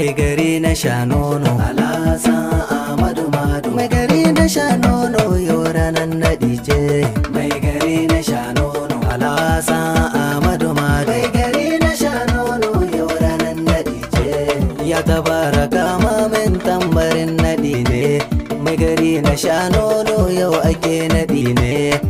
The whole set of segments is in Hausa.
mai gari na sha nono alhasa amadu madu mai gari na sha nono yau ranar na dije mai gari na sha nono alhasa amadu madu mai gari na sha nono yau ranar na dije ya tabara kama min tambarin na dije mai gari na sha nono yau ake na dije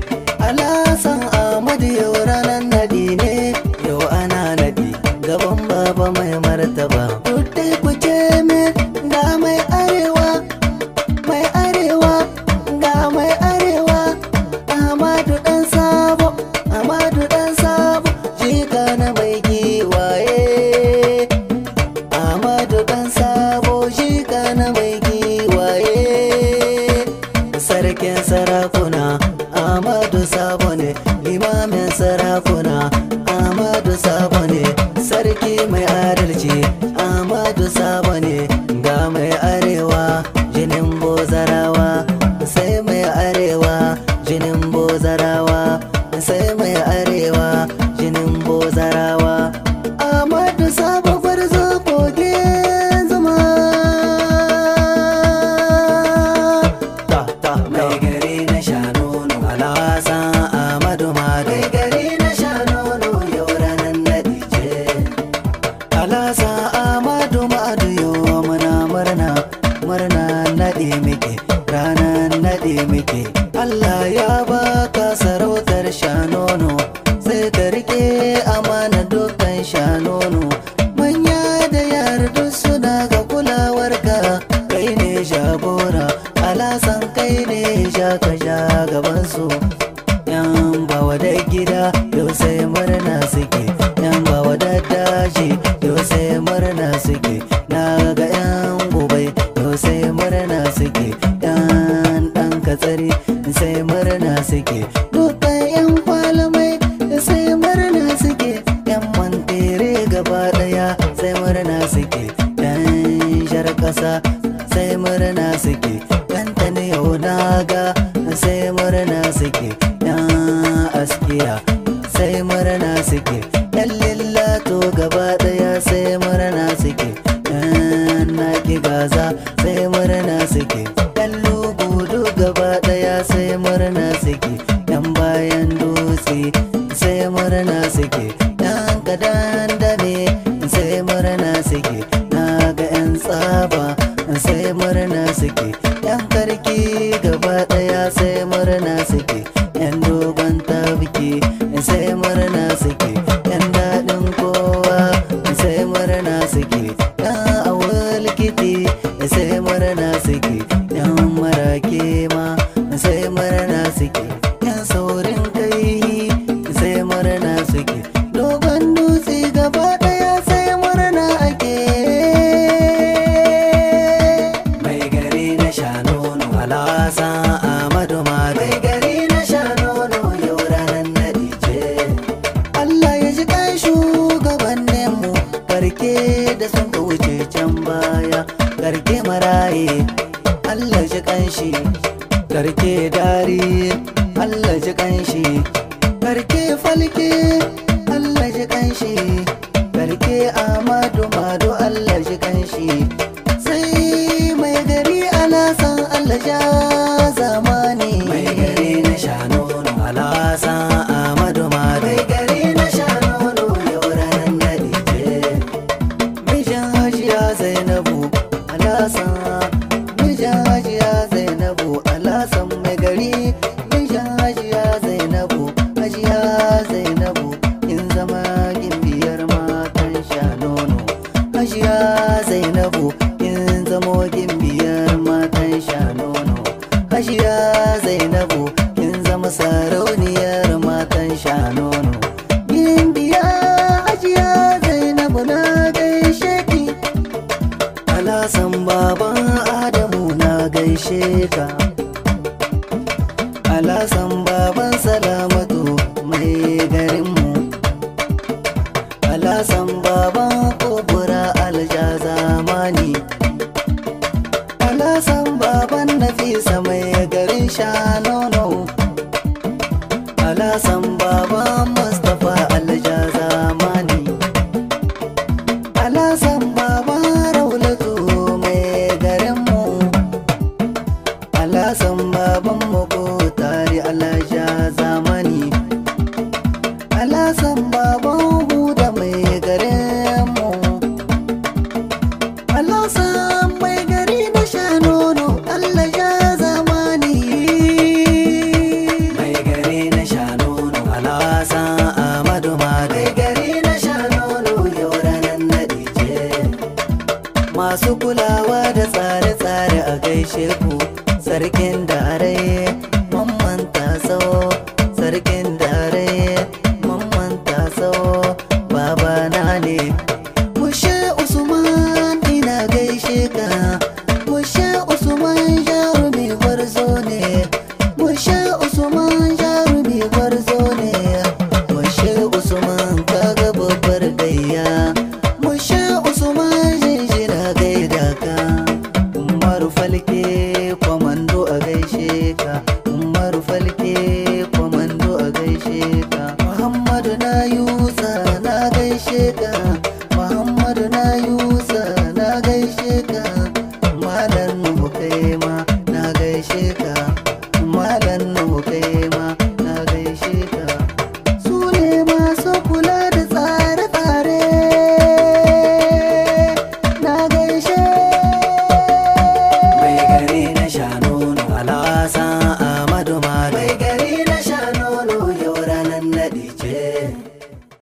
sarki mai muke Allah ya baka sarautar shanono sai ka rike amana dukkan shanono manya da yardu suna ga kulawarka kai ne jagora alasan kai ne shaka gaban gabansu yan bawa da gida yau sai murna suke yan bawa da daji yau sai murna murna suke dan shar ƙasa sai murna suke dan ta ne ga sai murna suke yan askiya sai murna suke yan to gaba daya sai murna suke na naki gaza sai murna suke yan lugu gaba daya sai murna suke dan bayan dutse sai murna suke suke yan dogon tabike sai murna suke yan daɗin kowa sai murna suke yan likiti kiti sai murna suke yan marake can baya garke maraye Allah ji kanshi garke dari Allah ji kanshi garke falke Allah ji kanshi garke amadu madu Allah ji kanshi sai mai gari ana san Allah ja ka alasan baban salamatu mai garinmu alasan baban kubura alja zamani alasan baban nafisa mai garin shanu sheku sarkin dare mamman taso sarkin Jamaica.